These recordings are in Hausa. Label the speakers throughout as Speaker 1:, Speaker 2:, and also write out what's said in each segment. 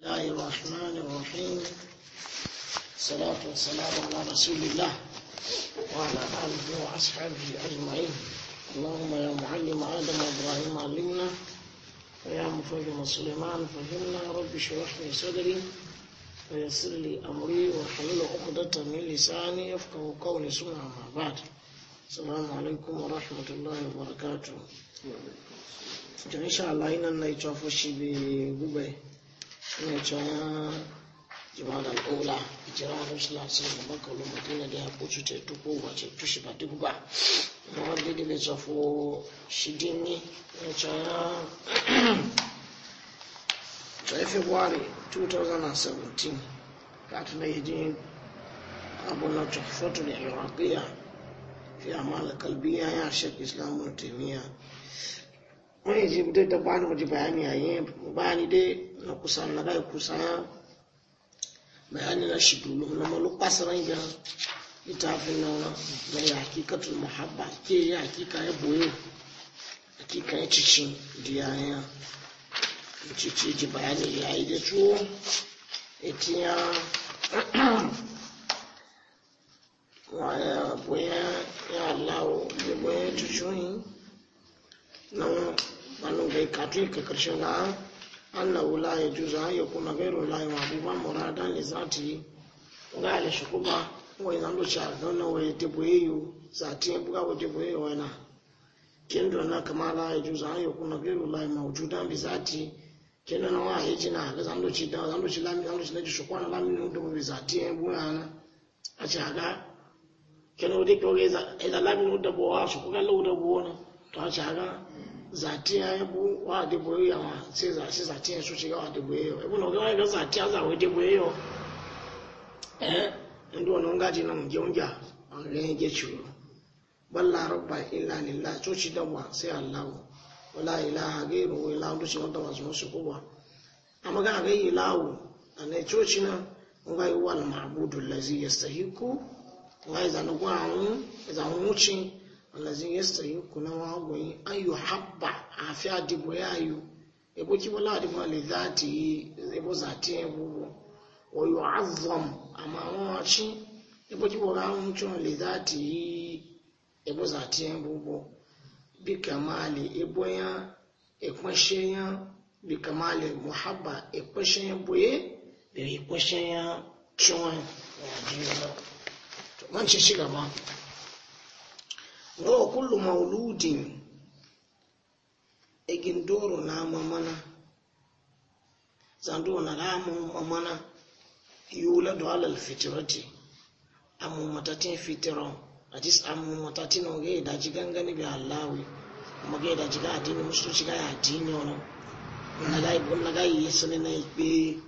Speaker 1: الله الرحمن الرحيم الصلاة والسلام على رسول الله وعلى آله وأصحابه أجمعين اللهم يا معلم آدم وإبراهيم علمنا ويا مفهم سليمان فهمنا رب اشرح لي صدري ويسر لي أمري وحلل عقدة من لساني يفقه قولي ثم ما بعد السلام عليكم ورحمة الله وبركاته إن شاء الله إن الله يتوفى شي بقبي shine cewa jimalar ola jira wani sulasi da makalin madina da ya kucu ta duk ba ce tushi ba duk ba na wanda da bai zafo shi dini na cewa tsaye february 2017 kati na hijin abun na tufatul iraqiyya fi amal kalbiya ya shek islamun taimiyya wani jibdai da bani wajen bayani dai na kusa na bai kusa ya bayani na shi dulu na malu kwasiran ya fi na na ya hakikatul muhabba ke ya hakika ya boye hakika ya cici diya ya cici ji bayani ya yi da tuwo etiya waya boye ya lawo da boye cici na wani bai katu ka karshen na annahu la yajuzu an yakuna ghayru llahi mahbuban muradan li zatihi nga ale shukuba wa inando cha dona wa yetebo yeyo zati buka wa yetebo yeyo wana kendo na kama la yajuzu an yakuna ghayru llahi mawjudan bi zatihi kendo na wa hiji na ga zando ci da zando ci lami zando ci na ji shukwana lami no do bi zati buana a cha ga kendo de ko ga ila lami no da bo wa shukuga lo da bo na to a cha ga zatiya ya bu wa de boye ya wa sai za shi zatiya su shiga wa de boye ya bu no ga ga zatiya za wa de boye ya eh ndo no ga ji na mu jonja an ga ge churu balla rabba illa lillah to shi da wa sai allah wala ilaha ghairu illa hu shi wanda wa su ko ba
Speaker 2: amma ga ga ilahu
Speaker 1: anai to shi na nga yi al ma'budu allazi yastahiqu nga izanu kwa hu izanu mucin alazin yasta yi kuna wagoyi an yi habba a fi adibo ya yi ebo ki wala adibo le zati yi ebo zati ya bubu wa yi azam amma wọn wace ebo ki wala mutum le zati yi ebo zati ya bubu bi kamali ebo ya ikwashe ya bi kamali muhabba ikwashe ya boye da ikwashe ya ciwon ya ji yana. Manci shi gaba. ngawa kullu mauludin egin doro na mamana zando na ramu mamana yula do alal fitrati amu matatin fitro ajis amu matatin oge da jigangani bi allawi kuma ga da jiga adini musu ga adini ono na ga na ga yi sani na ikpe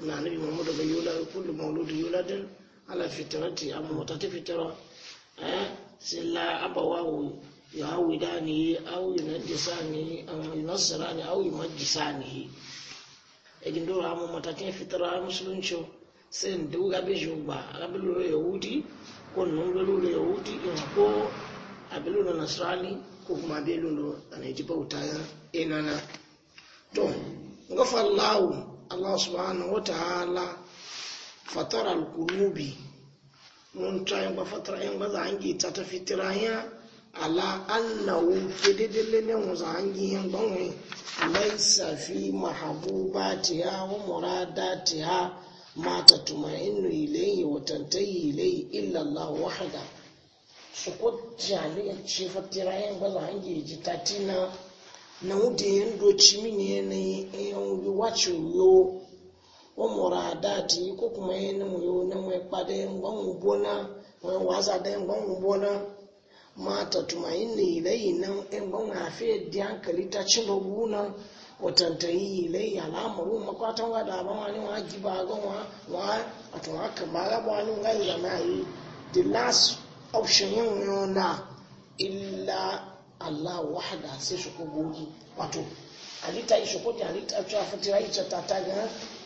Speaker 1: na nabi muhammadu ga yula kullu mauludin yula din ala fitrati amu matatin fitro eh silla abawahu yuhawidanihi au yunajisanihi au yunasirani au yumajisanihi egin dora amu matakin fitara musulunci sai da wuga bai shi ba abin lura yahudi ko nun lura yahudi in ko abin lura nasrani ko kuma abin lura a naiji bauta ya inana to gafa allahu allah subhanahu wa ta'ala fatara al-qulubi mun ta yin ba fatara yin hangi ta ta fitira ya ala annahu daidai ne mu za hangi yin banwe mahabu fi mahabubatiha wa muradatiha ma ta tumainu ilayhi wa tantahi ilayhi illa Allah wahda su ko jami'a ce fatira yin ba za hangi ji ta tina na wuce yin doci mini yanayi yan wuce yo wa muradati ko kuma na mu yo na mu pade ngwan mu bona wa waza da ngwan mu bona mata tumaini ilai na ngwan afi di hankali ta cin rubuna watantayi ilai al'amaru makwatan wada ba wani wa giba ga wa wa wato haka ma ga wani ila da mai the last option yin na illa Allah wahada sai shi ko gogi wato alita isho shoko ta alita ta fatira ita ta ta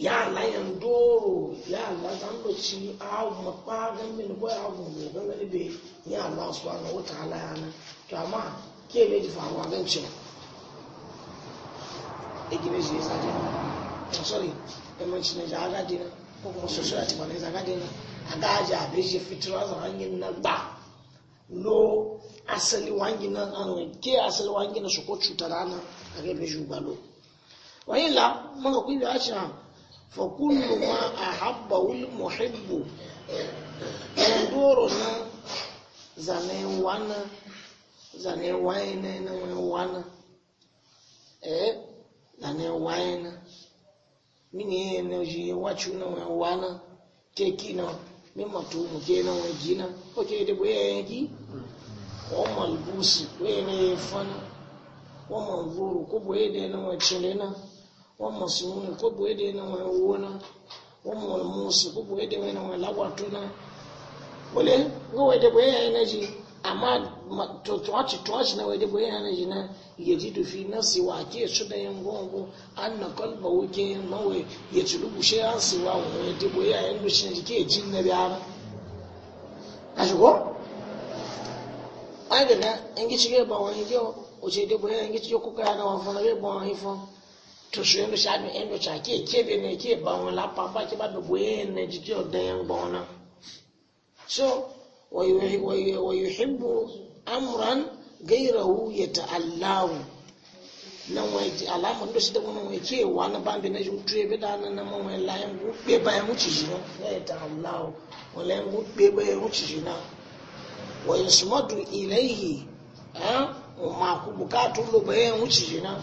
Speaker 1: ya la yan doro ya la zan do ci a ma pa ga min bo ya go me ga be ya Allah subhanahu wa ta'ala ya na to amma ke be ji faruwa gan ce e ki be sa je I'm oh, sorry e man ci ne ja ga dina ko kuma so so ati bane za ga dina aga ja be ji fitra za hangin na ba lo asali wangin nan an ke asali wangin su ko cuta rana a ga be ju ba lo wa illa mun ga ku bi a فكل ما أحبه المحب دورنا زنين وانا زنين وانا وانا eh zane waina mini ene ji wachu na wana keki na mi matu mu ke na wajina o ke de boye yanki o malbusi ko manzuru ko wamasumuni ko boyede ena ŋa wona wamal musi ko boyede ena ŋa na. wole nga wede boye na ji amma twaci twaci na wede boye ena ji na yajidu fi nafsi ke na ya ci lubushe an siwa wa wede boye yan dushe ji ke na biyara a shigo ai na an a ba wani yau o ce dai boye an gici na tusu enu sa nu enu sa ke kebe ne ke ba wọn la papa ke ba do bo ye ne jiji ọdẹ yẹn gbọ wọn na so wọyu hibbu amuran gairahu ya ta'allahu na wai ji alama ndo si dabu nan wai ke wa na bambe na ju tuye be da nan nan wai la yan gbe ba yan wuci ji na ya ta'allahu wala yan gbe ba yan wuci ji na wa yasmadu ilayhi ha ma ku bukatu lo ba yan wuci ji na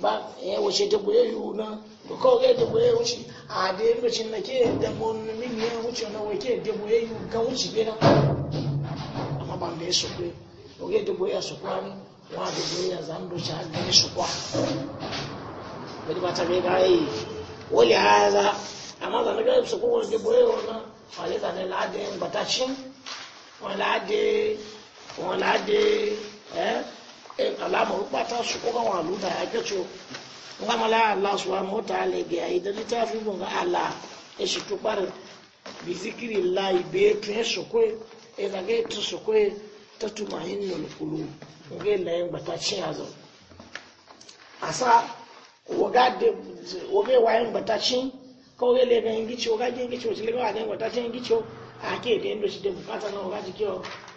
Speaker 1: ba eh wace ta buye yu na to kawai kai ta buye wuce a da yin bacin na ke da min ya wuce na wake da buye yu ga wuce bi na amma ban da ya su kwe to ta buye su kwa ne wa da buye ya zan doce har da ya bari ba ta yi e, wale haza amma zan ga su kwa da buye yu na wale zan la'adin batacin wani la'adin wani la'adin eh e eh, alama ruba su ko walu da ake ce nga mala Allah subhanahu wa ta'ala bi ai da litafi mun ga Allah e shi to bar bi zikri Allah be to su ko e da ga to su ko ta tumahinnul qulub ga la yin bata cin azo asa waga de waga wayin bata cin ko ga le ga ngicho ga ngicho le ga ga bata cin ngicho ake da ndo shi da bukata na waga jikiyo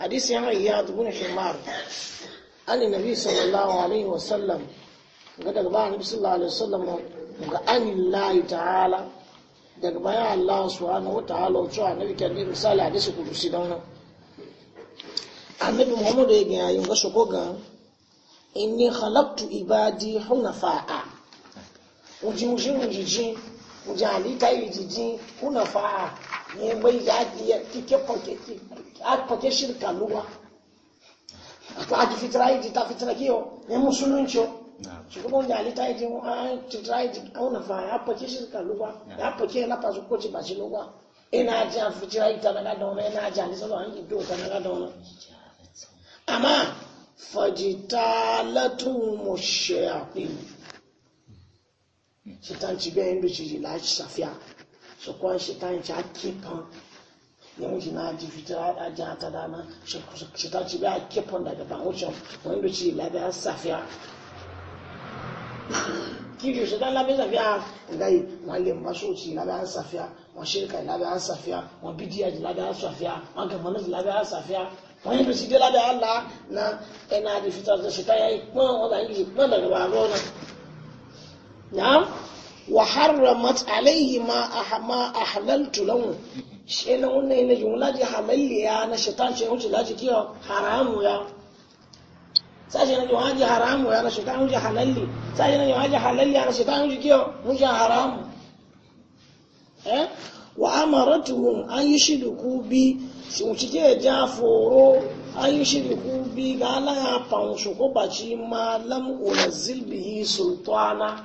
Speaker 1: حديث عن اياد بن حمار أن النبي صلى الله عليه وسلم قد أخبر النبي صلى الله عليه وسلم أن الله تعالى daga bayan Allah subhanahu wa ta'ala wato annabi kan ne misali hadisi kudusi da wannan annabi Muhammadu ya gaya yin gasu ko ga ni khalaqtu ibadi hunafa'a uji uji uji uji alita hunafa'a ne mai zagi ya tike fake shirka luwa ko aji fitira yi ta fitira kiyo ne musulunci shugaban da alita yi jin an fitira yi kauna fa ya fake shirka luwa ya fake na fasu ko ci ba shi luwa ina ji an fitira yi ta daga dauna ina ji an lisa an yi ta daga dauna amma fajitalatu mushayatin shitan ci bayan da shi la safiya sokwa shetan ci ake fan yawon shi na ji fitar a jihar ta dana shetan ci biya ake daga ban wucin wanda ci labiya safiya kiri shetan labiya safiya gai wọn lè mọ sóòtì labiya safiya wọn ṣerika labiya safiya wọn bidiya labiya safiya wọn gàmọ́nà labiya safiya wani yẹn bisi dila bẹ ala na ẹna adi fitar ta shetan ya yi kuma wọn là yi kuma daga ban wucin na. wa harramat alaihi ma ahma ahlaltu lahu she na wannan yana jumla ji halalliya na shaitan shi wuce laji kiyo haramu ya na jumla ji haramu ya na shaitan wuce halalli na ji halalliya na shaitan wuce kiyo wuce haramu eh wa amaratuhum an yushriku bi sun cike ja foro an yushriku bi ga ala ko baci ma lam unzil sultana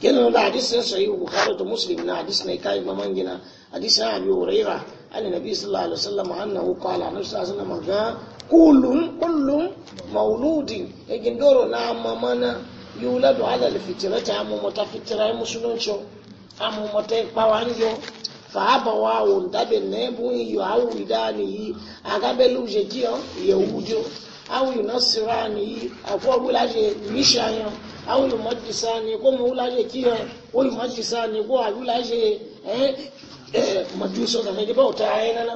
Speaker 1: kenan da sayi sahih bukhari da muslim na hadis ne kai maman gina hadisin abi huraira an nabi sallallahu alaihi wasallam annahu qala annabi sallallahu alaihi wasallam ga kullun kullun mauludin yakin doro na mamana yuladu ala alfitrati amma mutafitira musulunci amma mutai pawanjo fahaba wawo ndabe nebu iyo au idani yi agabe luje jio yeujo au gulaje mishanyo àwọn ìmọ̀jìsá ni kó mú láyé kí ọ ó ìmọ̀jìsá ni kó àyú láyé majuso da a bauta ya yana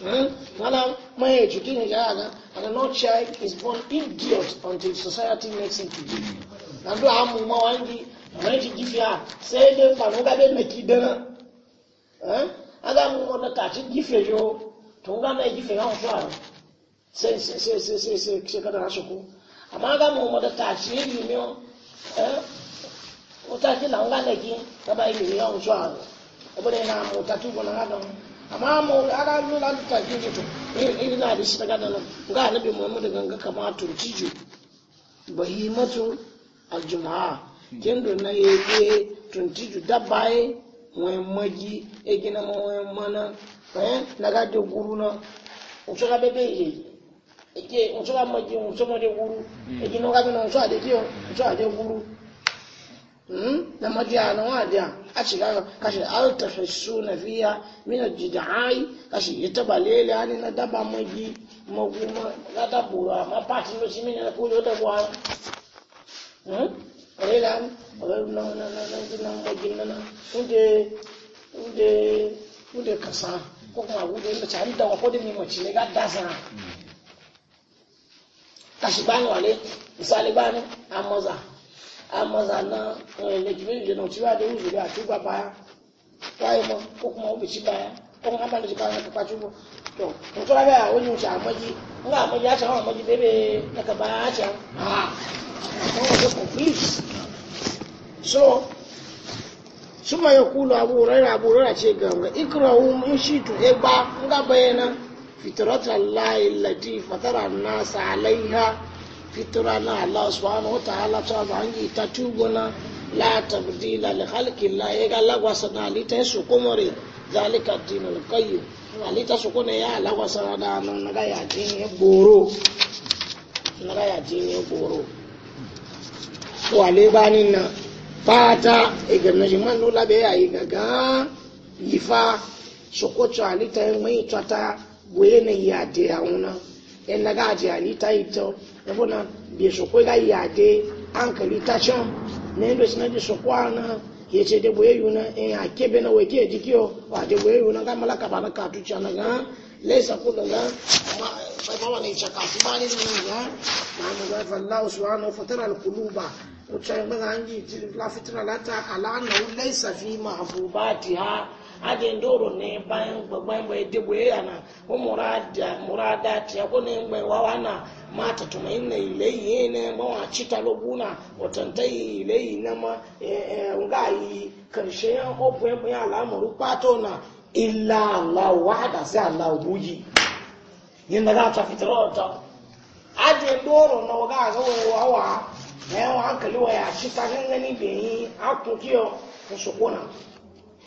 Speaker 1: nan mana mai jiki ne ya ga and no child is born idiot until society makes him to be na do amu ma wangi mai jiki fiya sai dai ba no ga dai maki dana eh aga mu ci gife jo to ga na gife ga fa sai sai sai sai sai da ta ci ne mi utaki na ngana ki kaba ile ya ushwaro obone na mutatu bona ngana amma mu ara lula tutaki to ili na dishi daga nan ga nabi muhammad ganga kama turciju bahimatu aljumaa kendo na yeye tuntiju dabaye mwemaji egina mwana na naga de guruna bebe eke ntso hmm. hmm? ka mɔdzi ntso mɔdzi wuru eki na ɔka bi na ntso adi na mɔdzi a na wɔn adi a akyi ka na ya mina jida ayi kasi na daba ma na daba wura ma paati lo si na na na na na na kasa kuma wude ndị dawa tashi bani wale misali bani amoza amoza na lejibiri jina uchiwa de uzu ya chuba baya waye mo kokuma ubi chibaya ko nga mali chibaya ka pachubo to mutola ga wani ucha amaji nga amaji acha wa amaji bebe na ka baya acha ha ko ko confused so ba nga na. فطرة الله التي فطر الناس عليها فطرة الله سبحانه وتعالى سبحانه وتعالى لا تبديل لخلق الله يقال لك وصنا لتنسو قمري ذلك الدين القيم walita su kuna ya alawa sarada na naga ya jini goro naga ya jini goro to ale banin na fata igirna shi man nula bai yi gaga yi fa su kuce walita yin mai tata wee na ya e e de hauna yan na gaji halitta ita yabo na bai su kwai ga na yadda suna ji su kwana ya ce da boye yuna na wake ya jiki yau ba da boye yuna malaka ba na katuci na ga laisa kula ga ma wani ce kasu ba ga na ga fallahu subhanahu fatara alquluba ucha ba ga anji lata ala annahu laysa aje ndoro na ịba mgbagba mgbe edegbo ya na ụmụrada tiakwo na mgbe wawa na ma tatumain na ile ihe na mawachita talobu na otanta ile yi na ma nga yi karshe ya ofu ya ya al'amuru pato na illa ala ụwa sai allah buji yin da za ta atafitere ọtọ aje ndoro na waga ga wawa na yawan hankali wa ya shi ta gangani bai yi akun kiyo na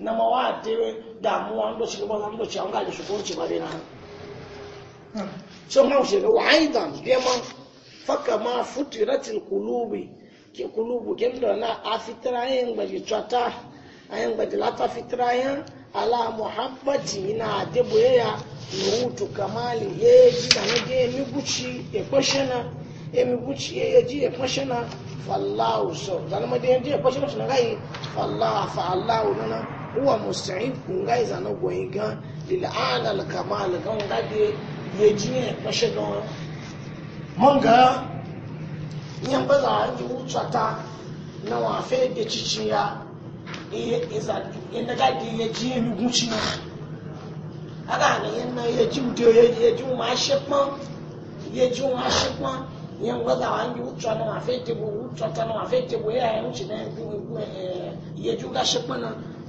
Speaker 1: na mawate damuwa ndo shi ba ndo shi an ga shi ko ci ba dai na so ma shi wa aidan dai ma faka ma futiratil kulubi. ke qulubu ke ndo na a yin ba ji tsata ayin ba ji lata fitra yin ala muhabbati na debo ya nutu kamali ye ji na ne mi guci e kwashana emi buci ya ji ya e fashe na fallahu so zalama da ya ji ya fashe na shi na gai fallaha fa'allahu nuna huwa musta'id kunga iza na goyi ga lil kamal ga ga de ye jiye pashe baza anji utsata na wa fe de chichiya iye iza inda ga de ye jiye mi guchi na aga na ma shepon ye ma baza na wa fe de na wa fe de bu ga na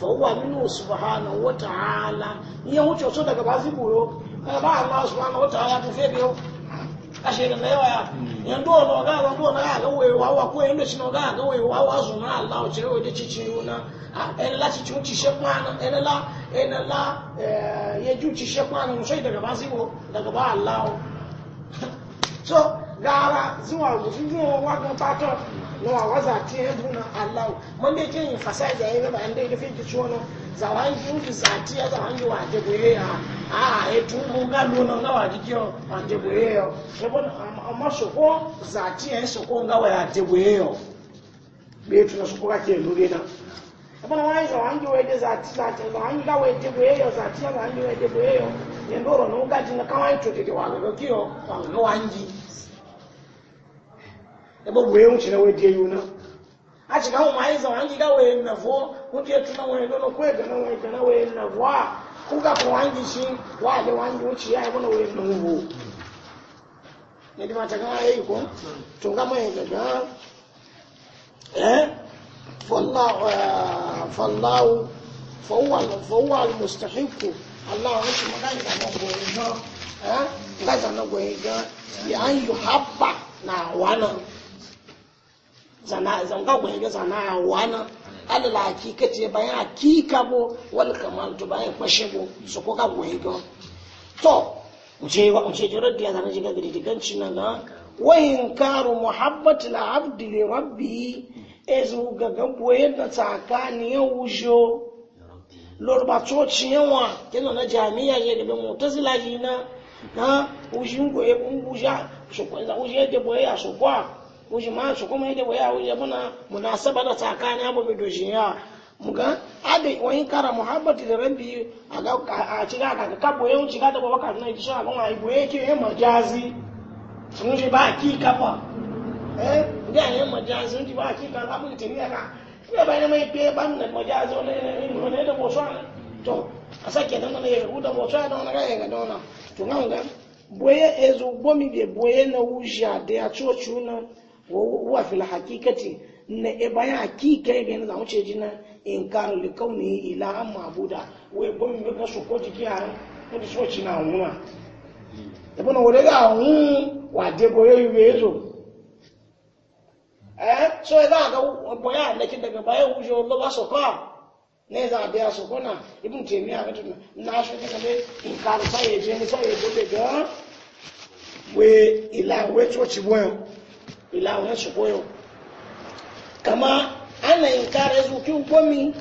Speaker 1: fọwọ́ nínú subahana wa ta'ala iye wọn tsotso daga ba zi buro ba ala subahana wa ta'ala ti fẹ́ bi o a ṣe nana yawa ya yan dɔw na ɔga ala dɔw na ala wo ewa wa ko yen lɔsi na ɔga ala wo ewa wa zun ala o kyerɛ o de tsitsi la tsitsi o tsi sɛ kpa la ɛnɛ yi daga wo daga ba ala o so gaara zi wa o fi wa na wa waza ti ya duna Allah man da yake fasai da yayi ba inda yake ki ciwo za wa yi ki zati ya za hangi wa je goye ya a e tu mu ga lo na wa ji yo wa je yo so bon um, amma so ko oh, ya so ko ga wa ya je yo be tu na so ko ke za wa je za ga wa je yo ya wa je yo ne ndoro no ga ji na kawai to te wa ga wa wangi ebe wee wuce na wede yuna. na a ci kawo mai zama an na fo kuke tuna waye nono kwe na waye ga na waye na fo a kuka ko wangi shi wa da wangi wuce ya yi mana waye na hugo ne ayi ko to ga mai ga ga eh fallahu eh, fallahu fawwa fawwa almustahiqu allah wa shi magana da mu goyi na eh ga zanna goyi ga ya an na wannan zana zanga gwaye zana wana alala hakika ce bayan hakika bo wal kamal to bayan kwashe bo su ko ka gwaye go to uje wa uje jira da zana jiga gidi ganci nan ga wa karu muhabbatil abdi li rabbi ezu ga gagwaye da tsakani ya wujo lorbatocin yawa kina na jami'a je da mutazila jina na ujin goye unguja su kwanza uje da boye a su kwa wuji ma su kuma yadda waya wuji muna munasaba da tsakani abu bi ya muga ade wani kara muhabbati da rabbi a ga a ciga ga ka boye wuci ga da ba ka na gisha ga wani boye ke yin majazi sun ji ba ki kafa eh ga yin majazi sun ji ba ki kafa da ne ka ne ba ne mai pe ban da majazi ne ne da boso to a sake nan ne ya boso da ga ya ga to ga boye ezo bomi be boye na wuja na wa fil hakikati na e hakika e ya gani zamu ce jina in karu li kauni mabuda we mi ka so ko jiki han ko di so na wuna e bona wore ga hun wa de zo eh so e ga ga boya ne kin daga bayan wujo lo ba so ne za a biya su kuna ibn taymiya ga tun na shi ka in karu sai je ni sai ila we to ci ila wọn su koyo kama ana inkara su ki gomi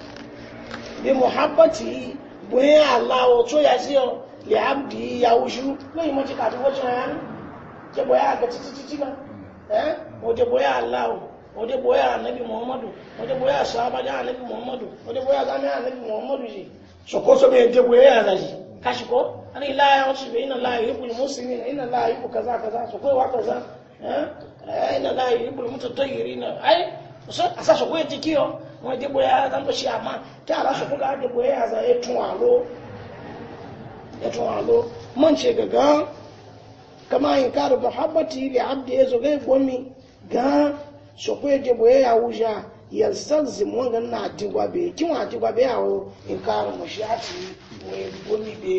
Speaker 1: bi muhabbati boye allah o ya si o le abdi ya ushu lẹyìn mo ti kàdé wọ́n bóyá àgbẹ̀ títí títí ma ẹ́ mo jẹ bóyá mo anabi muhammadu mo jẹ bóyá anabi muhammadu mo jẹ bóyá anabi muhammadu yìí sokoso mi jẹ bóyá yàrá yìí kaza kaza kaza Eh, na ila la yuhibbul mutatayyirin ai eh, so asaso ko yeti kiyo mo de boya tan to shi ama ta ala so ko ga de boya za etun alo etu alo mun ce ga kama in karu muhabbati li abdi yazo ga gomi ga so ko de boya ya wuja yalstalzim wanga na digwa be kin wa digwa be yawo in shi mushati ne gomi be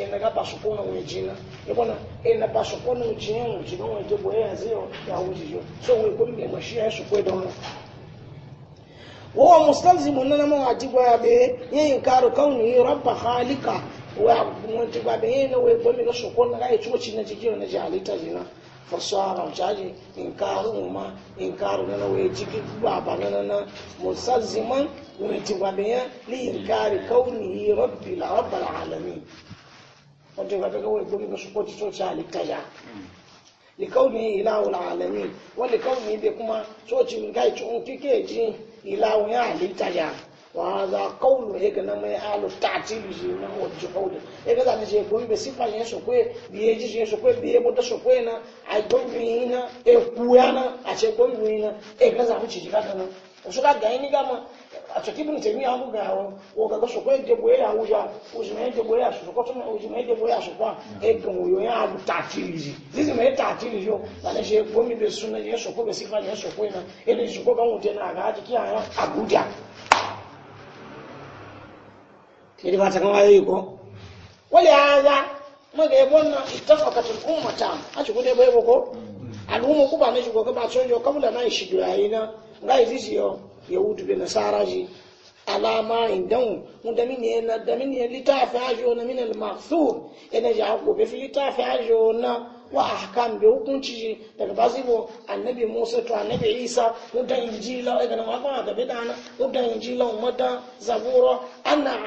Speaker 1: e ka ga paso na we jina e bona na paso ko na jina we jina we de boye azio ya wuji yo so we gomi be mashi ya su ko don وهو مستلزم اننا ما واجب به ينكر كونه رب خالقه wa mun ti ba be ne we gomi ga su ko na e chuchi na jiyo na ji alita jina fasara shaji um inkaru um ma inkaru um nana wai jiki baba nana na musalziman wurti wabenya li inkari kauni rabbi la rabbal alamin wato ga daga wai gomi ga shukoci to ta litaya li kauni ilahul alamin wani kauni be kuma to cin gai tun kike ji ilahu ya litaya وهذا قول هيك نما اهل التعتيل جينا والجحود هيك انا جاي كون بصفه ين شكوي بيجي جين شكوي بيبو ده شكوي انا اي كون هنا اكوانا اشي كون هنا هيك انا زعما تشي كانا وشكا غايني كما atokibuni temi yangu gawo wogaga sokwe debwe ya uja ya sokwa tuna uzimaye debwe ya sokwa ego moyo ya abu tatilizi zizi me tatilizi yo bana je gomi be sokwe be sifa sokwe na ele sokwe kan utena agaji kiya abuja sai ba ta kan ayoyi ko wali haza maga ya bonna ittafaqatul ummata a shi gudai bai ko al'umma ku na shi goga ba sojo kamula na shi yayi na ga izi yo yahudu bin nasara ji alama indan mun da min na da min litafi ajo na min al-mahsur ina ja ko be fi litafi ajo na wa ahkam be hukunci ji daga basibo annabi musa to annabi isa mudan injila daga nan wafa ga bidana mudan injila umada zaburo anna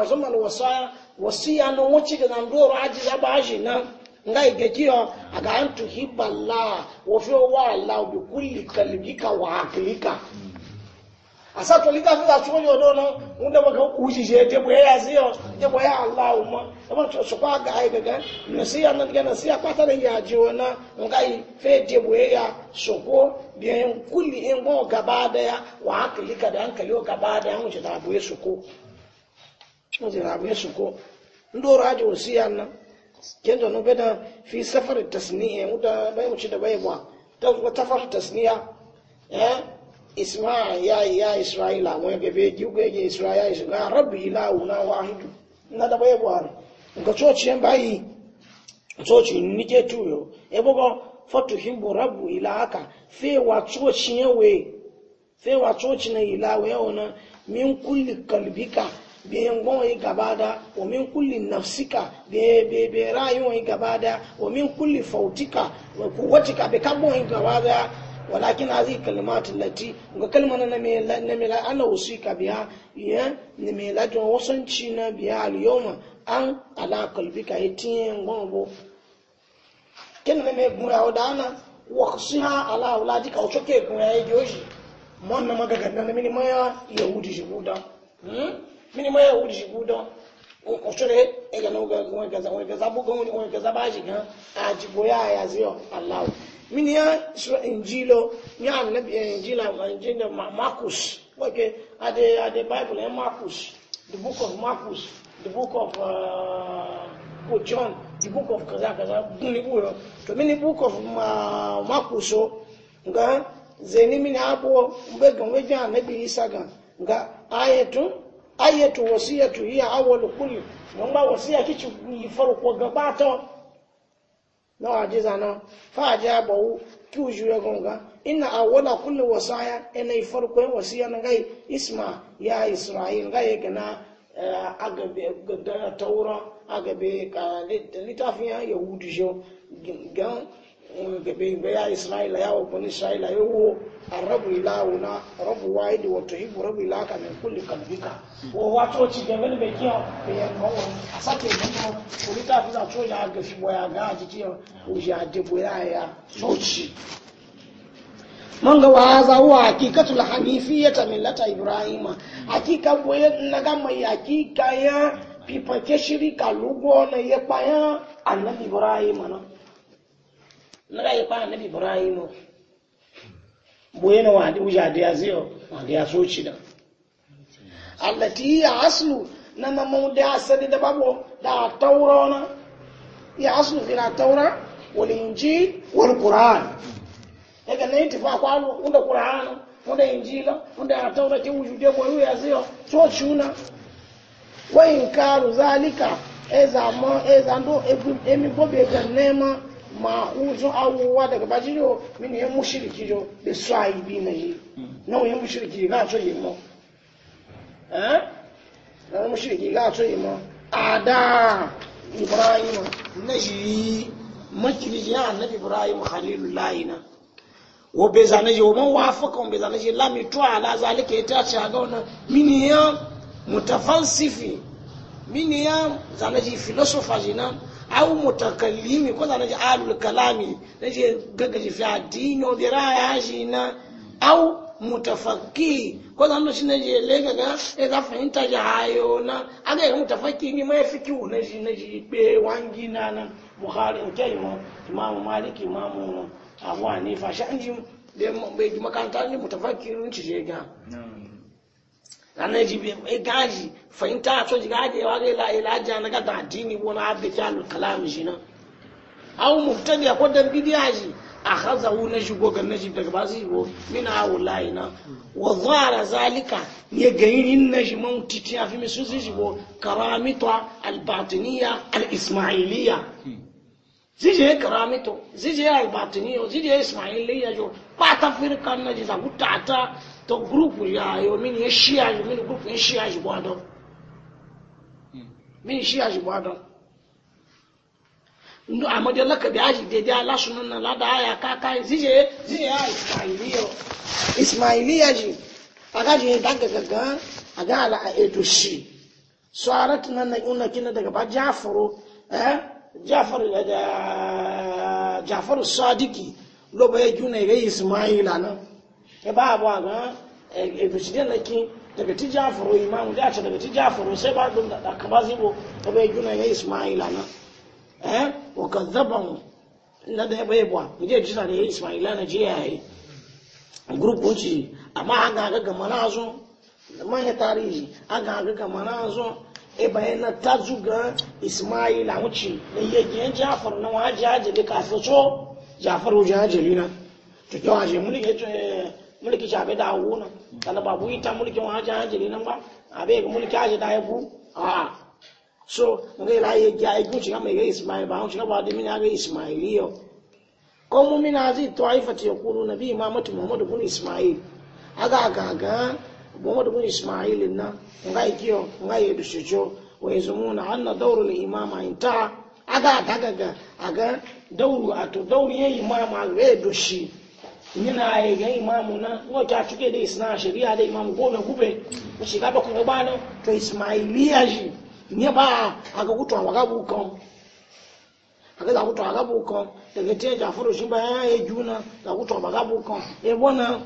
Speaker 1: azumal wasaya wasiya no wuci ga nan doro aji za ba shi nan ngai ga kiyo aga antu hiballa wa fi wa la bi kulli kalbika wa aqlika asatọ liga fi lati wọle ọdọ náà ń dẹ́gbẹ́ kan kú ṣiṣẹ́ dẹ́gbẹ́ ẹ̀yà sí ọ dẹ́gbẹ́ ẹ̀yà àlá ọmọ ẹ̀mọ́ tó sọpá àgà ayé gẹ̀gẹ́ nàṣí ànàdìgẹ́ nàṣí apáta lè yà wọn nga yìí fẹ́ dẹ́gbẹ́ ẹ̀yà sọ̀kó bẹ́ẹ̀ ń kúlì gaba gbọ́ gàbá ya wà á fi da bẹ́ẹ̀ mu ṣe ismail ya ya israila wọn bebe jiugbe ya israila ah, israila rabbi ilahu na wahidu na daba ebo ari nka coci yan bayi coci nike tuyo ebogo fatu himbo rabu ila aka fewa coci yan fewa coci na ila we ona minkuli kalbika biyan gwan yi gaba da wa kulli nafsika biyan rayuwa yi gaba da wa min kulli fautika wa kuwatika bi kabon yi gaba da walakin hazi kalimat lati ga kalmana na me na me ana usika biya ya ne me la don wasanci na biya al yawma an ala qalbika yatin gombo ken ne me gura odana wa khsiha ala auladi ka uchoke kun ya yoshi mon na magaga na mini maya yahudi jibuda hmm mini maya yahudi jibuda o chore e ga no ga ga za ga za bu ga ga za ba ji ga a jiboya ya mini ya injilo ya annabi ya eh, injila ma injila ma marcus wake ade ade the book of marcus the book of uh, oh, john the book of kaza kaza mini buyo to mini book of uh, oh, o zeni mini ga na waje zana fa ya bawu kiwu juya gonga ina awala kulli wasaya ina farko yin wasiya na gai isma ya isra'il gai gana eh, agabe taura agabe ka littafin yahudi jo gan ya isra'ila ya wabbin isra'ila ya wo arabu ilawuna rabu wa waidi wato hibu rabu ila ilaka min kulli kalbika wo wato ci da wani bai kiyo da ya kawo a sake da kuma kulita fi za to ya ga shi boya ga a kiyo ko ya de boya ya soci
Speaker 2: man ga waza huwa hakikatul hanifiyata
Speaker 1: millata ibrahima hakika boye na ga mai hakika ya pipake shirika lugo na ya paya annabi ibrahima na naga yi kwana nabi ibrahimu boye na wadi wuja da ya ziyo wadi ya so ci da allati ya aslu na na mu da asali da babo da taura na ya aslu fi na taura wal injil wal qur'an daga ne tifa kwalo unda qur'an unda injila unda taura ti wujude boye ya ziyo so chuna wa inkaru zalika ezamo ezando emi bobe nema. ma uzun awuwa daga yo min ya mushriki jo be swai bi na yi na ya mushriki na so yi mo eh na mushriki ga so yi mo ada ibrahim na shi makiri ya annabi ibrahim khalilullah na wo be zane yo mo wafaka be zane shi lami to ala zalika ita cha ga wannan min ya mutafalsifi min ya zane shi philosopher jinan au mutakallimi kwanza anaje alul kalami nace gaga fi adini o dira ya shi na au mutafakki kwanza ndo shine je lega ga eza ga ja hayo na aga ga mutafakki ni mai fiki na shi na shi e be wangi na na bukhari o tayi imam maliki imam abu hanifa shanji de da makaranta ni mutafakki ni ci ranar jibi mai eh, gaji fahimta a soji gaji wa ga ilaji na gada addini wani abin kyalul kalam shi nan an muftadi a kwadar bidiya shi a hazawu na shigo ga najib daga ba su shigo mina hawo na wa zara zalika ya gairin na man titi a fi mai sun shigo karamita albatiniya al-ismailiya zije karamito zije albatiniya zije ismailiya jo ba ta firkan na ku ta ta to gurupu ya yo mini ye shia yo mini gurupu ye shia ji bwa don mini shia ji bwa a ndo amade laka bi aji de de ala sunun na la da aya ka ka zije zije ai ismailiyo ismailiya ji aga ji da ga ga aga ala a eto shi so nan na una kina daga ba jafaro eh jafar da jafar sadiki lobe juna ga ismaila nan ebe bụ aga ebechide e na ki daga ti ndị imamu da ta daga ti jafuru sai ba dum da kaba zibo ta e bai na ya Isma'il ana. eh wa kazzaban na da bai bwa mu je jisa da ya ismaila na je yayi group wuce amma an ga ga manazo manya tarihi an ga ga manazo e bayan na tazuga ismaila wuce da yayyen jafar na waje ajali kafin so jafar waje ajali na to kyawaje mulke mulki shafe da hawo nan sannan ba buyi ta mulkin wajen hajjiri nan ba abe ga mulki hajji da ya bu a so ngai la ye ga igun shiga mai ga ismail ba hun shiga ba da mina ga ismailiyo ko mu mina zai taifa ta yakuru nabi imamatu muhammadu bin ismail aga ga ga muhammadu bin ismail na ngai kiyo ngai da shijo wa yazumuna anna dawrul imama intaha aga ga ga aga dawru ato dawru ye imama ga doshi nina aiga imamu na ngoto achuke de isna sharia de imamu na gube ushikaba kunga bana to ismailia ji nye ba aka akakutwa wakabuko akaza kutwa wakabuko tegetie jafuru shimba ya ejuna akutwa wakabuko e bona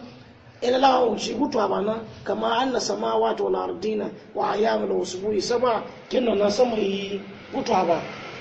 Speaker 1: elala ushikutwa bana kama anna samawati wal ardina wa al usbu'i saba kinno na sama yi kutwa bana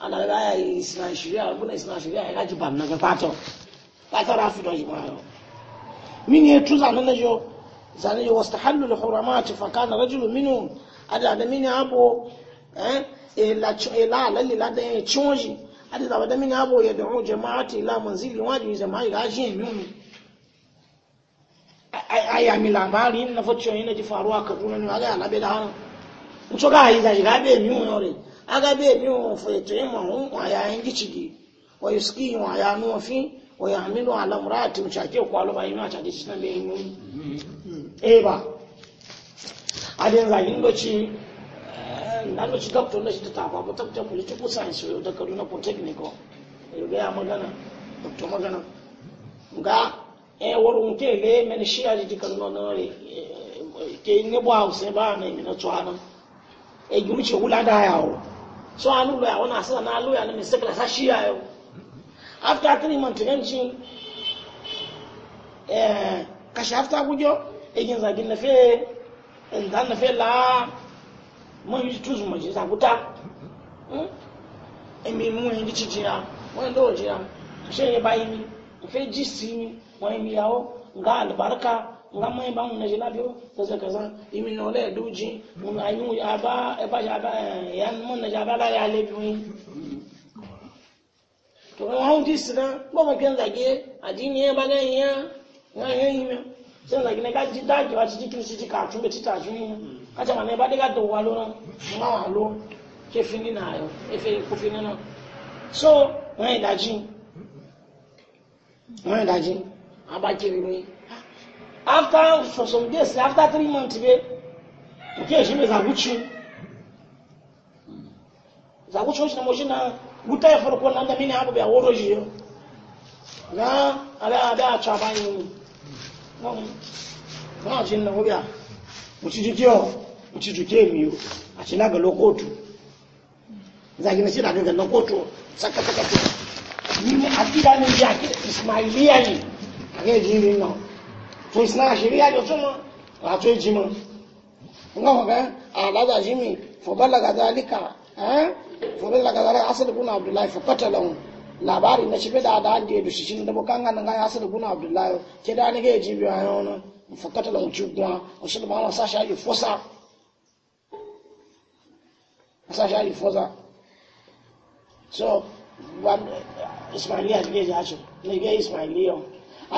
Speaker 1: ana raya isna shiria abuna isna shiria ya gaji ban naga fato fato rafu do jima yo min ye tuza nan jo zane yo wastahallu al huramat fa kana rajulu minhum ada da min abo eh ila e ila e la da chonji a da da min abo ya da'u a ila manzili waji jama'i gaji yumi aya mi labari na fotcho ina ji faruwa kaduna ne ga alabe da hanu in ka yi da ga mi mu yore Agabe be mi wo fe to ma hu wa ya yin gici gi wa yuski wa ya nu ya minu ala murati cha ke ko alo ba yin cha de sina be yin e eh, ba adin za yin do ci na no ci doctor na ci ta ba ba ta ta political da kaduna magana doctor e eh, worun eh, ke le shi aji di kaduna na re ne bo house ba na mi na e gumi wula da so anu lawyer wani asira na lawyer na mistake la sashi ya yau after three months ganci eh kashi after gujo egin zagin na fe ndan na fe la mun yi tuzu mun ji zaguta emi mu yi ci jira wani do jira she bayi mi fe ji si mi wani mi yawo nga albarka ngama yi ba mu naji labiyo ta zai kaza imi na wale duji mun ayu ya ba ya ba ya ba ya mun naji ba la ya lebi wi to ga hau ti sira ba ma kan zage adini ya ba ga ya na ya yi me sai zage ne ka ji da ki wa ci kin ka tun be ci ta ju ka jama ne ba de ga do wa lo na ma wa lo ke fini na ayo e fe ko fini na so wọ́n ìdájí wọ́n ìdájí abájẹ́ ìròyìn after for some days after three months be nke shi me zaguchi zaguchi shi na na guta ya farko na da mini abu bai woro shi na ala ada cha ba ni na na shi na obia mutijuke o mutijuke mi yo a na saka saka ni ake no fún ìsiná àṣírí àjọ tó mọ́ àtó ìjìmọ̀ nǹkan fọ̀gẹ́ àlájà jimmy alíkà fọ̀bẹ́lẹ̀gàdà asìlẹ̀kùn abdullahi fọ̀kọ́tẹ̀lẹ̀hùn labari na shibe da da da da shishin da bukan ganin abdullahi ke da ni ga yaji biyu a yau na fọ̀kọ́tẹ̀lẹ̀hùn ci kuma usul ma wani sashi ayi fosa sashi ayi fosa so ne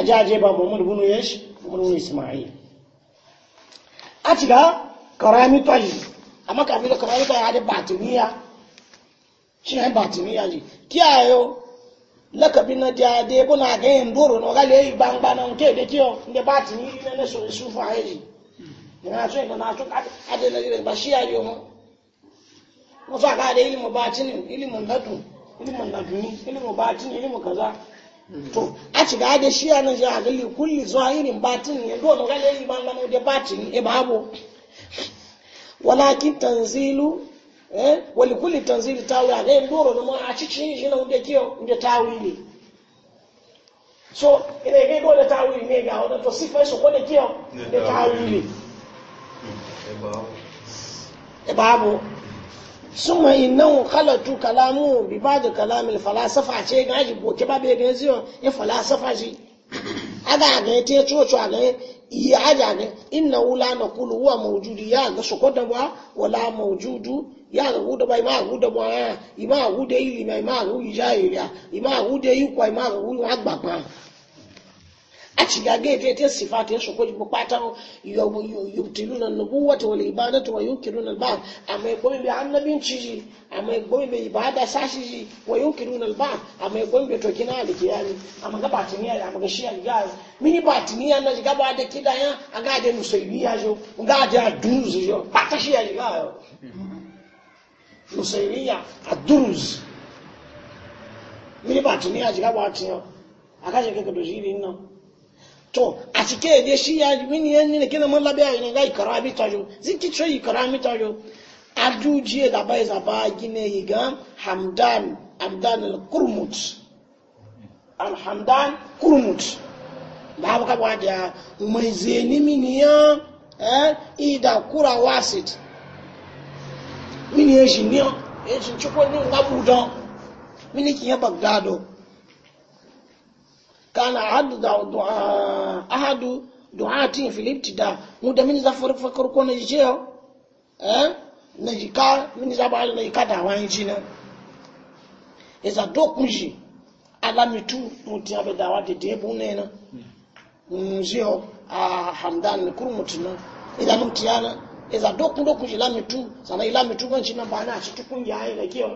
Speaker 1: a ba mu بنون إسماعيل أتقى كرامي طيب أما كرامي كرامي طيب هذه باطنية شنو باطنية دي كيايو lakabi na jade buna ga yin doro no ga leyi bangba na nke de kiyo nde bati ni ne ne so su fa yi na so ina na so ade na dire ba shi ayo to a ci ga da shi nan shi a gali kulli zahirin batin ne do no gale yi ban gano da batin e babu walakin tanzilu eh wali kulli tanzilu tawila ga ndoro no a ci cin shi na unde kiyo unde tawili so ina ga do da tawili ne ga wannan to sifa shi ko da kiyo da tawili e babu e babu suma innahu khalatu kalamu bi ba'd kalam al falasafa ce ga ji boke ba bai gani ziyo ya falasafa shi aga ga te coco aga iya aja ga inna na kulu wa mawjudu ya ga su kodan ba wala mawjudu ya ga gudu ba ma gudu ba ima gudu ili ma ima gudu ya ima gudu yi kwa ima gudu agbapa achigaga etete sifati eshokoji bukpata yubtiluna nubuwata wal ibadatu wa yunkiruna alba'd ama egbomi be annabin chiji ama egbomi be ibada sashiji wa yunkiruna alba'd ama egbomi be tokina alikiyani ama ga batiniya ama ga shiya gaz mini ya na ga ba da kidaya aga de nusairiya jo ga de adunzu jo pata shiya gayo nusairiya adunzu mini batiniya ga batiniya aga je ke do jiri no to a cike da shi ya mini yan ne kina mun labiya ne ga ikara bi tajo ziki tro ikara mi tajo aduji da bai za ba gine yiga hamdan hamdan al kurmut al hamdan kurmut ba ba ka ba da mai zeni mini ya eh ida kura wasit mini ya shi ne ya shi cikon ne ngabu don mini ki ya bagdado kana ahadu da du'a ah, ahadu du'atin fil ibtida mu eh? da min na je mm, na jika min za ba na jika da wani jina iza dokunji alamitu mutum abin da wata bune na muziyo a hamdan ah? na kurmutu na idan mutum yana iza lamitu sannan ilamitu ban ci yi rage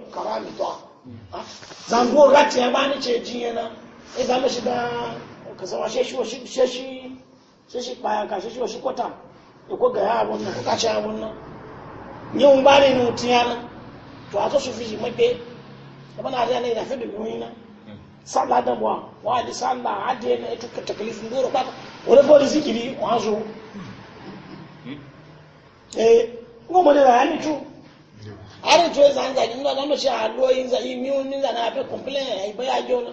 Speaker 1: zan ya bani ce jiya ẹgbà ló ṣe dán kẹsànwà ṣeṣi pàyàkà ṣeṣi òṣìkọta èkó gẹ̀yà àwọn náà kó kàṣẹ àwọn náà ní òun bá rí inú tí yánà tó àtọ́sù fi yìí mẹ́gbẹ́ ẹgbẹ́ náà rẹ̀ náà fẹ́ dùgbò yín náà sáàlá dẹ̀bọ̀ wọ́n àdé sáàlá àdé náà ètò kẹtẹkẹlẹ fún gbòòrò pátá òun bó rí síkìrì wọ́n á zo ee wọ́n mọ̀ nílẹ̀ àyà nìtú àyà nìtú ẹ̀ zanzan ní ọ̀dọ́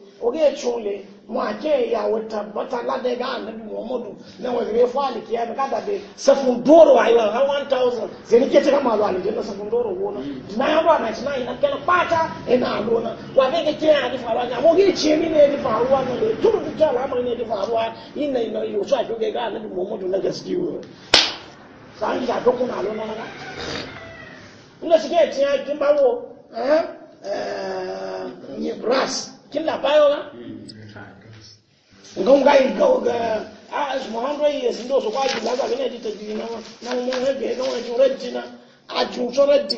Speaker 1: oge chule wake ya wata bata na daga annabi muhammadu na wazire fali ya da be safun a 1000 sai nike cika malu alijin na safun doro gona na ya ba na ci na ina kana fata ina alona wa bai ga kiyan adi faruwa ne amma al'amari faruwa kila bayo na a
Speaker 2: kwa ne na ne ga
Speaker 1: wani a ju so ga wani ga ji ga ya so ji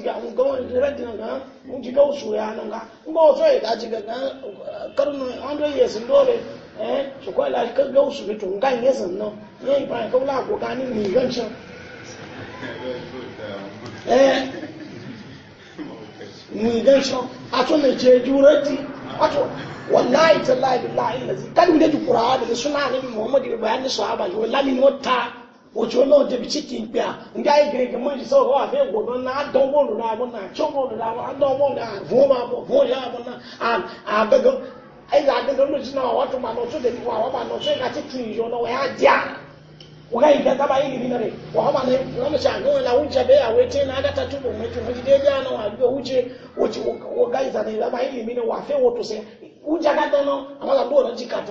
Speaker 1: ga na ando re eh kwa la ka ga bi to nga no ne ba ka la ko ga ni ni eh ni a to je wato wallahi tallahi billahi lazi kan da ji qur'ani da sunna annabi muhammad da bayanin sahaba ji wallahi ni wata wato no da bi cikin biya inda ai so go na don bon na a, na chon bon na bon don bon na vo ma bo vo ya na a a ga ai no ma no so da wa wa ma no so ga no wa ya ja wakai ga taba yi libi nare wa hama ne wa mu sha be a wete na ga tubu mu tumu na wa ga wuce wuce wa ga za ne ba yi libi wa fe wato sai wuce ga na to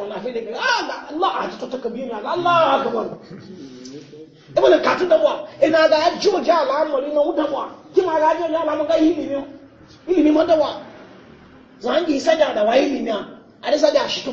Speaker 1: na fe Allah a to Allah akbar da wa na ga na wa ga ga yi da wa a shi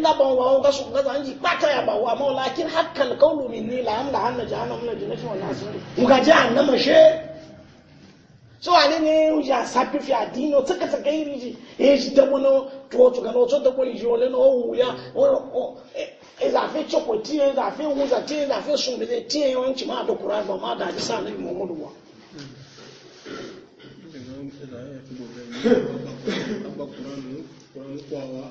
Speaker 1: nga ban wa ga su ga zanji bata ya bawa ma lakin hakkal qawlu minni la amla anna jahannam la jannatu wa nasir muka jahannama she so ale ne ya sapi fi adino tsaka tsaka iri ji e ji da wono to to ga to da koli ji ole no o ya o e za fe choko ti e za fe wu za ti e za fe sun be ti e won chi ma do qur'an ba ma da ji sa ne mu mu wa Abba Kuranu, Kuranu kwawa,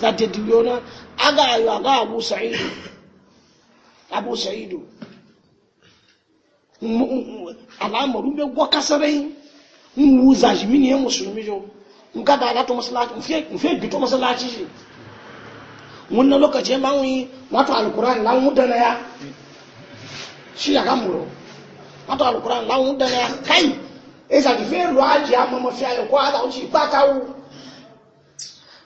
Speaker 1: za ta na aga ayo aga abu sa'idu abu sa'idu al'amaru bɛ gɔ kasarai n wu zaji mini ye musulmi jo n ka da ala to masalaci n fiye bi to masalaci shi mun na lokaci ma n yi wato alkuran la n dana ya shi ya ka muro wato alkuran la n dana ya kai e zaji fiye lo aji a mama fiye ko ala o ci ba ta wu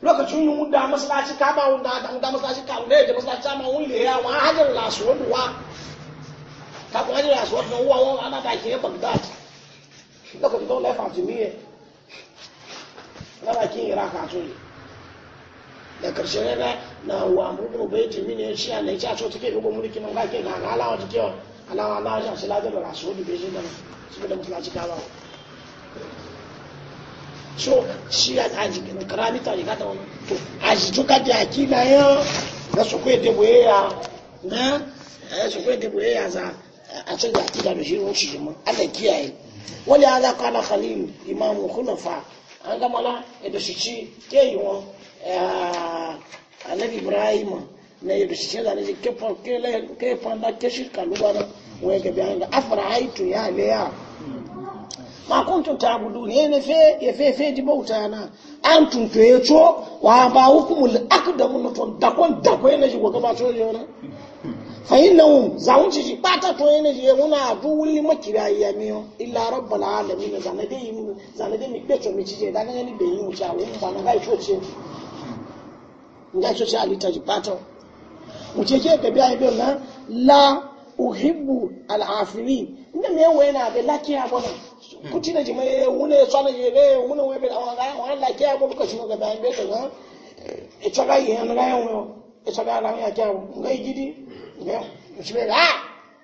Speaker 1: lokacin yin wunda masalaci kama wunda da wunda masalaci ka wunda yaje masalaci kama wunda ya wa hajar lasu wanda wa ta kuma hajar lasu wanda wa wa ana da ke Baghdad lokacin don lafa jimiye na kin ira ka to da karshe ne na na wa mu bai jimi ne shi a nai ta so ke rubo mulki nan ga ke ga alawa take alawa alawa shi ladan lasu wanda bai shi da su da masalaci wa. so shi karamita ne gata wani to a da na yau na su kwaye da ya na su kwaye da boye ya za a cin da ati da da shi wuce jimin ala kiyaye wani ya za kana khalil imamu hunafa an gama na yadda shi ci ke yi wa eh, annabi ibrahim na yadda shi ce ke fanda ke shi kaluba na wani gabi an ga haitu ya ne ya ma kuntum ta'budun ne fe ya fe fe di bauta na an tunto ya cho wa ba hukumul no ba cho yo na fa innahum zaunci ji bata to muna du ya miyo illa rabbul alamin zanade yi zanade mi pecho mi ni be yi wo ba na ga cho ce nga alita ji ke bi na la uhibbu al Mm. kuti jima ye eh, wune tsana je eh, re wune we be awon ga awon la ke abo ko shi ga ban be to ga e tsaga ye an ga yo e tsaga la ya ke abo ga igidi ne na be ga ah,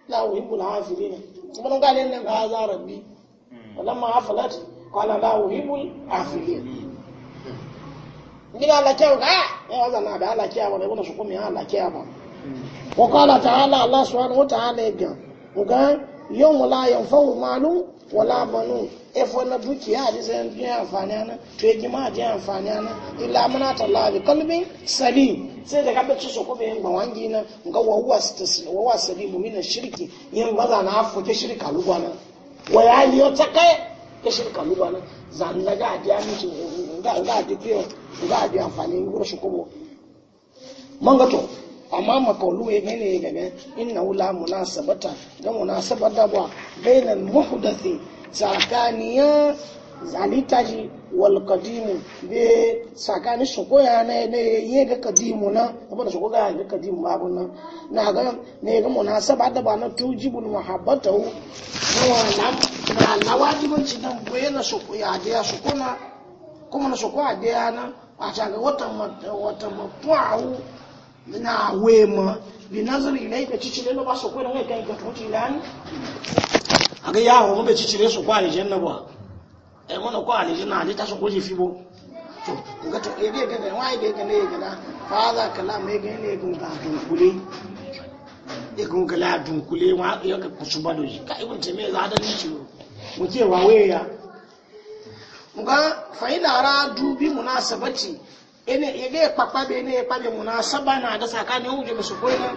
Speaker 1: la uhibbu al-hafilina kuma ga le nan ga za rabbi mm. walamma afalat qala la uhibbu al-hafilina mm. ngina la ke ga e ah, wa na da la ke abo ne wona shukumi ala ke abo wa qala ta'ala ala subhanahu wa ta'ala ga ga yawma la yanfa'u malun wala banu efo na dukiya ji sai bi amfani ana to yaji e ma ji amfani ana illa muna talla bi kalbin salim sai da kabe ci so ko be ngba wangi na ga wawa stas wawa salimu min shirki yin maza na afo ke shirka lugwana wa ya liyo takai ke shirka lugwana zan na ga dia mi ci ga ga di pio ga di amfani ngoro shi ko mo mangato amma makaulu ya gane ya gane inna wula muna sabata munasabata dan munasabata ba bainal muhdathi tsakaniya zalitaji wal kadimu be tsakani su koya na ne ye ga kadimu na amma su koya ga kadimu ba bun nan na ga ne ga muna munasabata ba na tujibul muhabbatahu na na na wajibin ci boye na su koya da su kuma na su koya da na a ga watan watan mafu'ahu Na wema linazari ilai da na ba su kwai da wai kai ga ilani aga yawo mu be cicire su kwa na e mana kwa aljanna na ta su koje fibo da fa za kalam e ga ne ga ga dunkule e ga ga dunkule wa ya ga kusuba do shi kai ene yage kpakpa be ne kpa be muna saba na da tsakanin huje ba su koyi na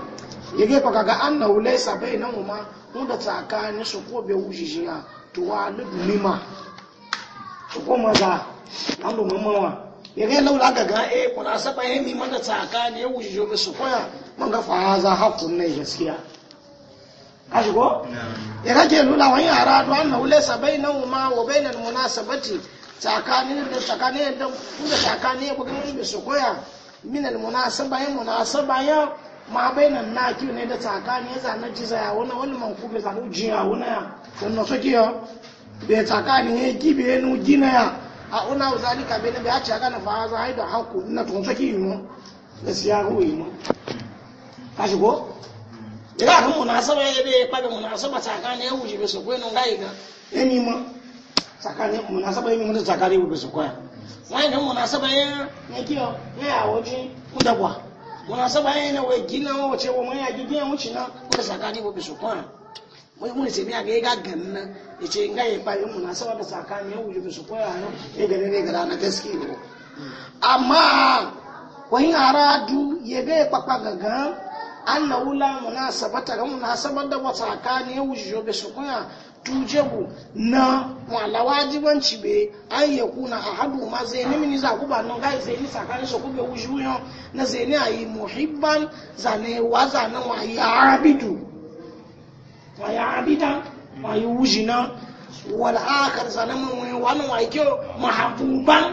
Speaker 1: yage kwa kaga an na wule sabai na muma mu da tsakanin su ko be huje shi ya to wa lubu mima su ko maza na lu mamawa yage laula ga ga eh kuna saba he mi mana tsakanin huje ba su koya mun ga fa za hakun ne gaskiya kashi ko ya lula wani yara don an na wule sabai na muma wa bainan munasabati tsakanin da tsakanin da kuma tsakanin bugun da su koya min almunasaba ya munasaba ya ma bainan naki ne da tsakanin ya zana jiza ya wani wani man kuma zana ujiya wani ya sannan suke ya bai tsakanin ya gibe ya nu gina ya a una zalika bai na bai hace na fa za haida hakku na tun suke yi mu gaskiya ko yi mu ka shigo ina kan munasaba ya bai kwabe munasaba tsakanin ya wuce bai su koya nan ga yi ga ya nima tsakanin munasaba yi mun zakari ubi su koya wani da munasaba ya na kiyo na ya waje kudagwa munasaba ya na wai gina wace wa mai yagi gina wuce na kuda zakari ubi su koya wai mun sai miya ga ya gagan na ya ce ga ya bayan munasaba da tsakanin ya wuce su koya ne ya gane ne gara na gaske ne amma wani aradu ya ga ya kwakwa an na wula munasaba ta ga munasaba da wata tsakanin ya wuce su koya tujabu na wala wajibanci be an ya kuna a hadu ma zaini mini za ku ba nan gai zaini sakanin su kube wujuyo na zaini ayi muhibban zane wa zane wa ya abidu wa ya abida wa yi wujina wal akhar zane mun wani wa kyo mahabuban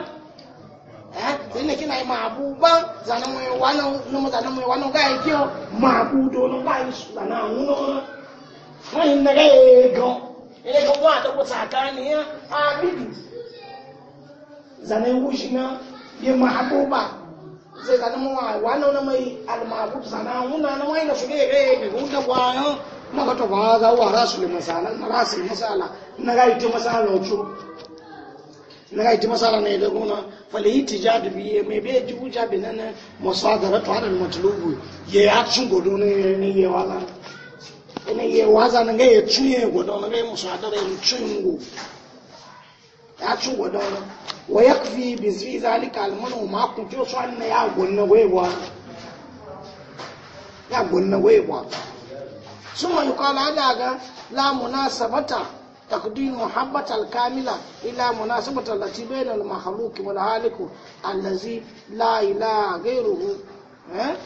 Speaker 1: eh, zina kina yi mahabuban zane mun wani numu zane mun wani gai kyo mahabudo no bai zane mun no fayin na gai gan ele ka kwa ta ko sakani ya abidi zanen wushi na ya mahabuba sai ka namo wa wano na mai almahbub sana wuna na mai na shuge ga ga wuna kwa yo na ka to ba ga wa masala na rasul masala na ga ita masala ocho na ga masala ne da gona fal itijad bi me be juja binan musadaratu da al matlubu ya ya cin godo ne ne ya wala ina iya waza na gaya cinye gudun na gaya musu hadar yin cingu ya ci gudun na wa ya kufi bizi zalika almanu ma ku jo su wani ya gunna gwaiwa ya gunna gwaiwa su ma yi kwala ala ga lamuna sabata takdin muhabbata alkamila ila munasabata lati bayna al mahluki wal haliku allazi la ilaha ghayruhu eh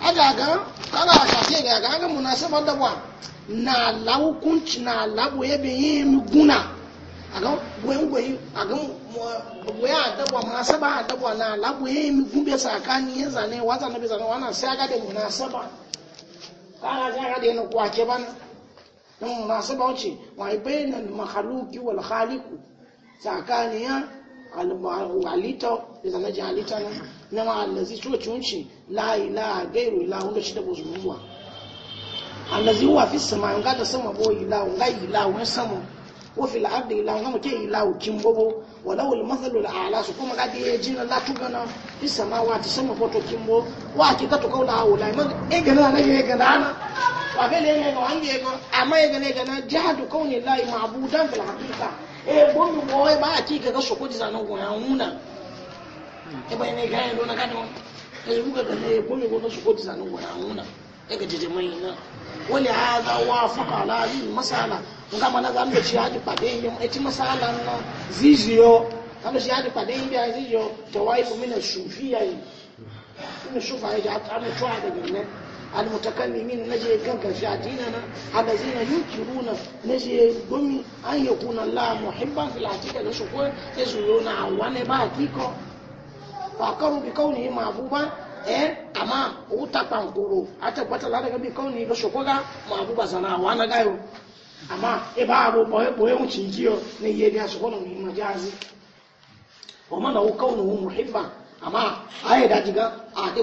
Speaker 1: aja ga kana shafe ga ga ga munasaba da ba na laukunci na labo ebe yin guna aga gwen gwen aga gwen adabwa munasaba adabwa na labo yin gumbe sakani yin zane wata na bezana wana sai aga da munasaba kana ja ga da na kwake bana na makaruki wuce wa bainal makhluqi wal khaliq sakaniya halitta da na ji halitta nan na ma'allazi cocinci la'ayi la gairu la da shi da ba zuwa
Speaker 2: allazi wa fi sama an
Speaker 1: gada sama bo ila nga ila wani sama fi fil yi ila nga muke ila kin bobo walau al mathalu al a'la su kuma ga da jina la fi sama wa ta sama ko to kin bo wa ki ka to kaula haula man e gana na ye gana na wa fe le ne ga wange ga amma ye gana gana jahadu kauni lahi ma'budan fil haqiqa eh bomi mo e ba ki ka ka sokoji no gona una e ne ga ndo na eh, eh, ka no e lu ka ne bomi go no sokoji za no gona una e ga jeje mai na wali hada wa faqa la ni masala nga mana ga ndo ci hadi pade yo e ti masala na zizio ga ndo ci hadi pade yo ziziyo tawaifu min al-shufiyya min al-shufa ya ta ta ta da ne المتكلمين نجي كان في عديننا الذين ينكرون na قومي أن يكون na محبا في العتيقة نشكوه يزولون عوان باكيكو فأقروا بكونه معبوبا eh amma wuta kwankoro a tabbatar da gabi kauni ga shokoga ma ba sana wa na gayo amma e ba abu boye boye mu cinkiyo ne yedi a shukwe mu majazi O mana hu kaunu amma ayi da diga a te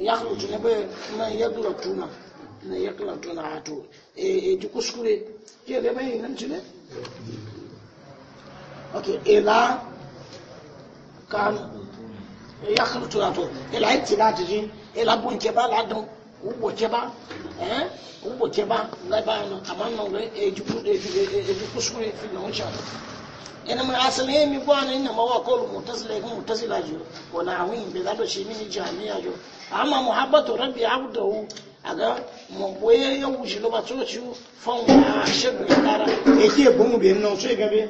Speaker 1: yakhruju ne bai na yadura tuna na yakla tuna ato, e eh, ji eh, kuskure ke da bai nan ci ne okay ila kan yakhruju tuna to ila itina e ta ji ila bu ke ba la don ubo ke ba eh ubo ke ba ngai ba no kamar no e ji eh, kuskure e ji kuskure fi na yana mai asali ya mi gwana ina mawa kolu mutasila ya mutasila jo wani awin bai zato shi mini jami'a jo amma muhabbatu rabbi abdahu a ga ya wuce lo ba tsoci fan wa shagu ya kara ya ke gungu bai nan so ya gabe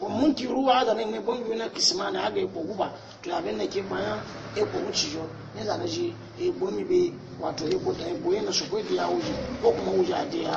Speaker 1: o mun ki ruwa da ne mai gungu na kismani aga ya kogu ba to abin da ke bayan ya kogu ci jo ne zane shi ya na su da ya wuce ko kuma wuce da ya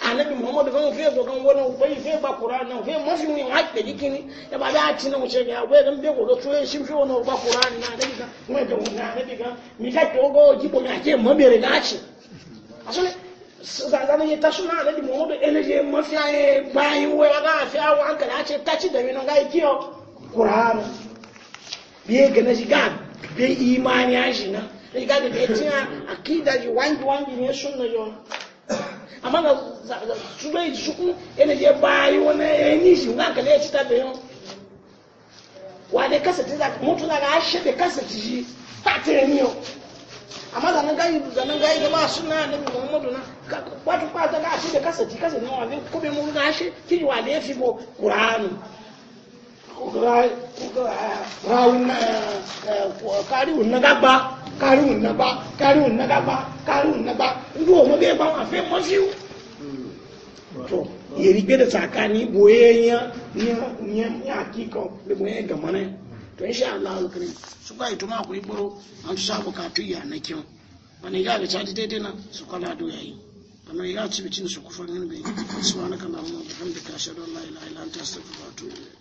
Speaker 1: anabi muhammadu kan fe ko kan wona ubai fe ba qur'an fe mafi mun hakke dikini ya ba da ci nan ce ya bai dan be ko do so shi fe wona ba qur'an na da ka, mai da wona na diga mi ka to go ji ko na ke ma bere da ci asole zanzana ye tasuna anabi muhammadu eleje mafi ay bayi we ga fi awu an kana ce taci da mi nan ga kiyo qur'an biye ga na shi ga be imani ya shi na ga da be a akida ji wangi wangi ne sunna yo amma ga sube suku yana ya bayi wani ya nishi nga kale ya ci ta bayan wa da kasa ta zaka mutu na ga shi da kasa ci shi ta ta yi niyo amma zanen gayi zanen gayi da ba suna na bi muhammadu na wato ba ta ga shi da kasa ci kasa ne wa ne ko bai ga shi kin wa da ya fi bo qur'ani ko ga ko wani na kariun na gaba kárí òun nàbá kárí òun nàgàbá kárí òun nàbá irú òun bẹ́ẹ̀ bá wà fẹ́ mọ́ sí o. tó gbé ní àkíkọ gàmọ́ to insha Allah su ya na kyau wani ga ga daidai na su kala do yayi amma ya ci su kufan yin bai subhanaka wa